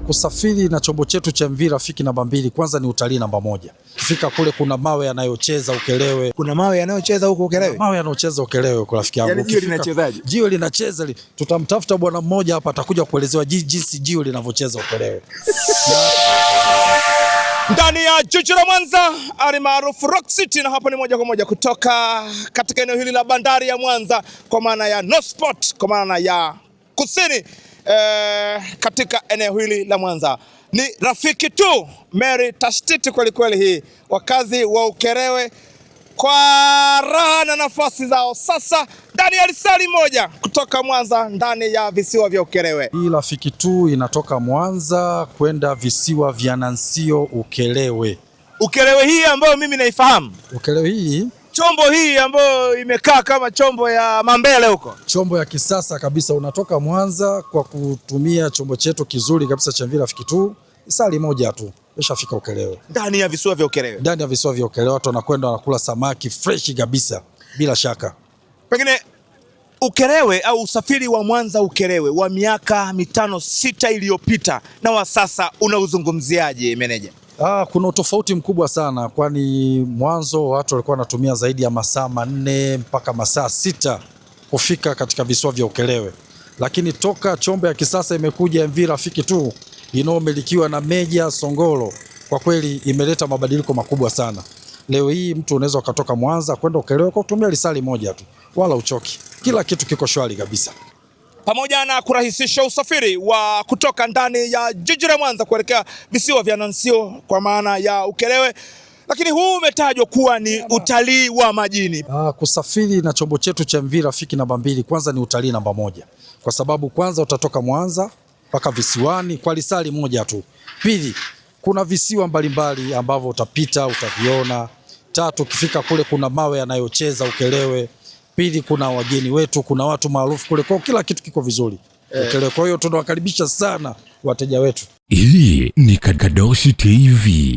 kusafiri na chombo chetu cha MV Rafiki namba mbili, kwanza ni utalii namba moja. Kifika kule kuna mawe yanayocheza ukelewe, kuna mawe yanayocheza huko ukelewe, mawe yanayocheza ukelewe kwa rafiki yangu. Yaani jiwe linachezaje? Jiwe linacheza, tutamtafuta bwana mmoja hapa atakuja kuelezewa jinsi jiwe linavyocheza ukelewe ndani ya jiji la Mwanza ali maarufu Rock City, na hapa ni moja kwa moja kutoka katika eneo hili la bandari ya Mwanza, kwa maana ya North Port, kwa maana ya kusini eh, katika eneo hili la Mwanza. Ni rafiki tu Mary tashtiti kwelikweli, hii wakazi wa Ukerewe kwa raha na nafasi zao sasa ndani ya lisali moja kutoka Mwanza ndani ya visiwa vya Ukerewe. Hii rafiki tu inatoka Mwanza kwenda visiwa vya Nansio Ukerewe. Ukerewe hii ambayo mimi naifahamu. Ukerewe hii chombo hii ambayo imekaa kama chombo ya mambele huko, chombo ya kisasa kabisa. Unatoka Mwanza kwa kutumia chombo chetu kizuri kabisa cha Mvii Rafiki tu, sali moja tu ishafika Ukerewe, ndani ya visiwa vya Ukerewe, ndani ya visiwa vya Ukerewe. Watu wanakwenda wanakula samaki freshi kabisa, bila shaka pengine Ukerewe au usafiri wa Mwanza Ukerewe wa miaka mitano sita iliyopita na wa sasa unauzungumziaje meneja? Ah, kuna utofauti mkubwa sana, kwani mwanzo watu walikuwa wanatumia zaidi ya masaa manne mpaka masaa sita kufika katika visiwa vya Ukerewe, lakini toka chombo ya kisasa imekuja MV Rafiki tu inayomilikiwa na Meja Songolo, kwa kweli imeleta mabadiliko makubwa sana. Leo hii mtu unaweza ukatoka Mwanza kwenda Ukerewe kwa kutumia lisali moja tu, wala uchoki. Kila kitu kiko shwari kabisa, pamoja na kurahisisha usafiri wa kutoka ndani ya jiji la Mwanza kuelekea visiwa vya Nansio kwa maana ya Ukerewe lakini huu umetajwa kuwa ni utalii wa majini. Aa, ah, kusafiri na chombo chetu cha MV Rafiki namba mbili kwanza ni utalii namba moja, kwa sababu kwanza utatoka Mwanza mpaka visiwani kwa lisali moja tu. Pili, kuna visiwa mbalimbali ambavyo utapita utaviona, Tatu, ukifika kule kuna mawe yanayocheza ukelewe. Pili, kuna wageni wetu, kuna watu maarufu kule, kwa kila kitu kiko vizuri eh. ukelewe. Kwa hiyo tunawakaribisha sana wateja wetu. Hii ni Kadoshi TV.